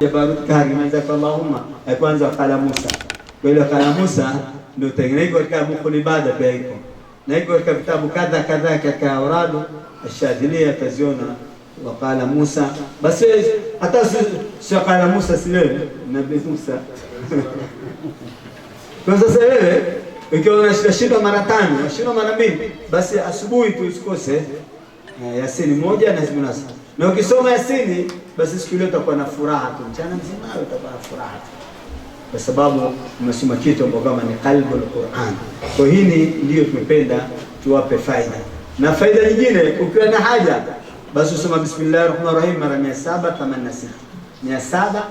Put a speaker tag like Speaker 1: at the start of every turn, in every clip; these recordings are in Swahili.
Speaker 1: Jabarut kaharimaza kwa Allahumma ya kwanza kala Musa. Kwa hiyo kala Musa ndio tengenezwa katika ni ibada pia iko. Na iko katika vitabu kadha kadha katika Auradu Ashadilia taziona wakala Musa. Basi hata sio kala Musa si wewe nabii Musa. Kwa sasa wewe ukiwa unashinda mara tano, unashinda mara mbili, basi asubuhi tu usikose eh, Yasini moja na Yasini na ukisoma Yasini basi siku ile utakuwa na furaha tu, mchana mzima utakuwa na furaha tu, kwa sababu umesoma kitu ambacho kama ni qalbul Qur'an. Kwa hili ndio tumependa tuwape faida, na faida nyingine, ukiwa na haja basi usoma bismillahir rahmanir rahim mara 786 700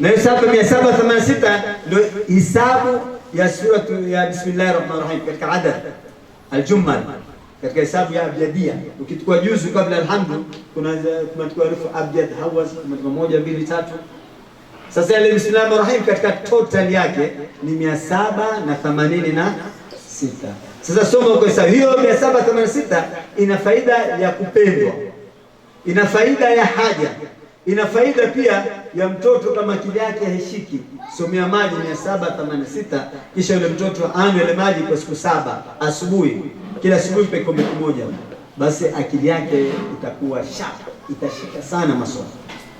Speaker 1: na hiyo saba 786 ndio hisabu ya sura ya bismillahir rahmanir rahim katika adad aljumal katika hesabu ya abjadia. Ukichukua juzu kabla alhamdu, kuna tunachukua herufi abjad hawaz, kuna moja mbili tatu. Sasa ile Bismillahir Rahim katika total yake ni mia saba na themanini na sita. Sasa soma kwa hesabu hiyo, mia saba sita ina faida ya kupendwa, ina faida ya haja, ina faida pia ya mtoto kama akili yake heshiki, somea maji mia saba sita, kisha yule mtoto anywe ile maji kwa siku saba asubuhi kila siku mpe kombe kimoja, basi akili yake itakuwa sharp, itashika sana masomo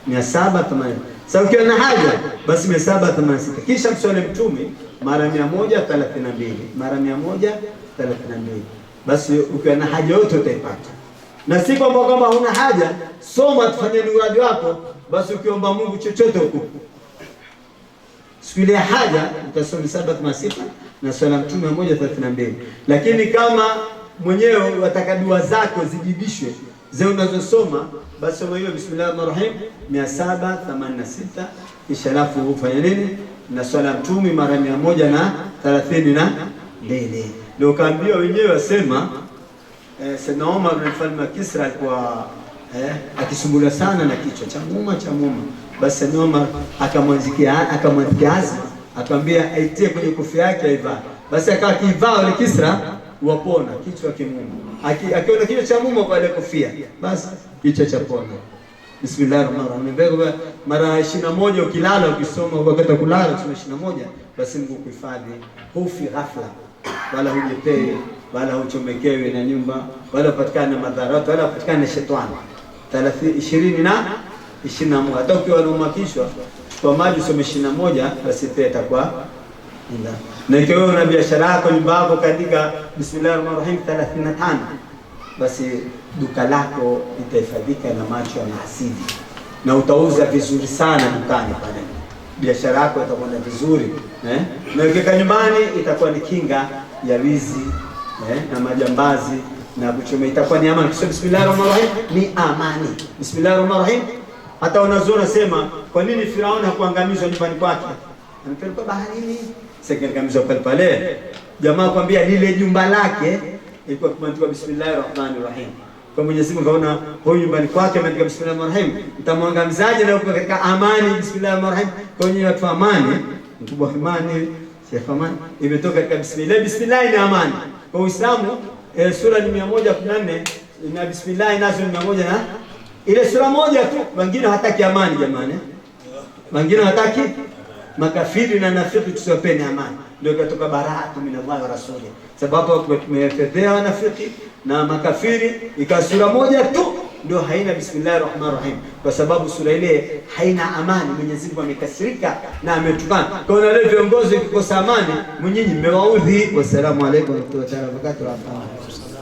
Speaker 1: mia saba themanini. Sasa ukiwa na haja basi mia saba themanini sita kisha mswali Mtume mara mia moja thelathini na mbili mara mia moja thelathini na mbili basi ukiwa na haja yote utaipata, na si kwamba kama huna haja soma, tufanye uradi wako, basi ukiomba Mungu chochote huko siku ile ya haja utasoma mia saba themanini sita na swala Mtume mia moja thelathini na mbili lakini kama mwenyewe wataka dua zako zijibishwe zile unazosoma, basi soma hiyo bismillah rahman 786 kisha alafu ufanye nini na swala mtumi mara mia moja na thelathini na mbili ndio kaambiwa wenyewe wasema eh, Saidna Omar bin mfalme wa Kisra alikuwa eh, akisumbula sana na kichwa cha muuma cha muuma, basi Saidna Omar akamwanzikia akamwanzikia azma akamwambia aitie kwenye kofia yake aivaa, basi akawa kivaa ile Kisra wapona kichwa kimuuma. Akiona kichwa cha muuma pale kofia, basi kichwa cha pona. Bismillahir Rahmanir Rahim. Mbegu mara 21 ukilala ukisoma wakati wa kulala tuna 21, basi Mungu kuhifadhi, hufi ghafla wala hujepei wala huchomekewi na nyumba wala upatikane na madhara wala upatikane na shetani. 30 20 na 21. Hata ukiwa unauma kichwa kwa maji usome 21, basi pia itakuwa na ikiwa una biashara yako yako katika bismillahi rahmani rahim 35 basi duka lako litahifadhika na macho ya mahasidi na utauza vizuri sana dukani pale, biashara yako itakwenda vizuri eh? na ukika nyumbani itakuwa ni kinga ya wizi eh? na majambazi na kuchoma, itakuwa ni amani. Kisha bismillahi rahmani rahim ni amani, bismillahi rahmani rahim. Hata unazoona sema, kwa nini Firauni hakuangamizwa nyumbani kwake? Amepelekwa baharini Sekeli kamizo pale pale, jamaa kwambia lile nyumba lake ilikuwa kumandikwa bismillahir rahmanir rahim. Kwa Mwenyezi Mungu kaona huyu nyumbani kwake ameandika bismillahir rahim, mtamwangamizaje? Na uko katika amani, bismillahir rahim. Kwa nyinyi watu amani, mkubwa imani, Sheikh amani imetoka katika bismillah. Bismillah ni amani kwa Uislamu. E, sura ni 114 ina bismillah nazo ni 100 na ile sura moja tu, wengine hataki amani jamani, wengine hataki makafiri na nafiki tusiwapeni amani. Ndio ikatoka bara'atu minallahi wa rasuli, sababu tumefedhea wanafiki na makafiri. Ikawa sura moja tu ndio haina bismillahi rahmanir rahim, kwa sababu sura ile haina amani. Mwenyezi Mungu amekasirika na ametukana. Kwa hiyo leo viongozi kukosa amani, mwenyinyi mmewaudhi. Wassalamu alaykum warahmatullahi wabarakatuh.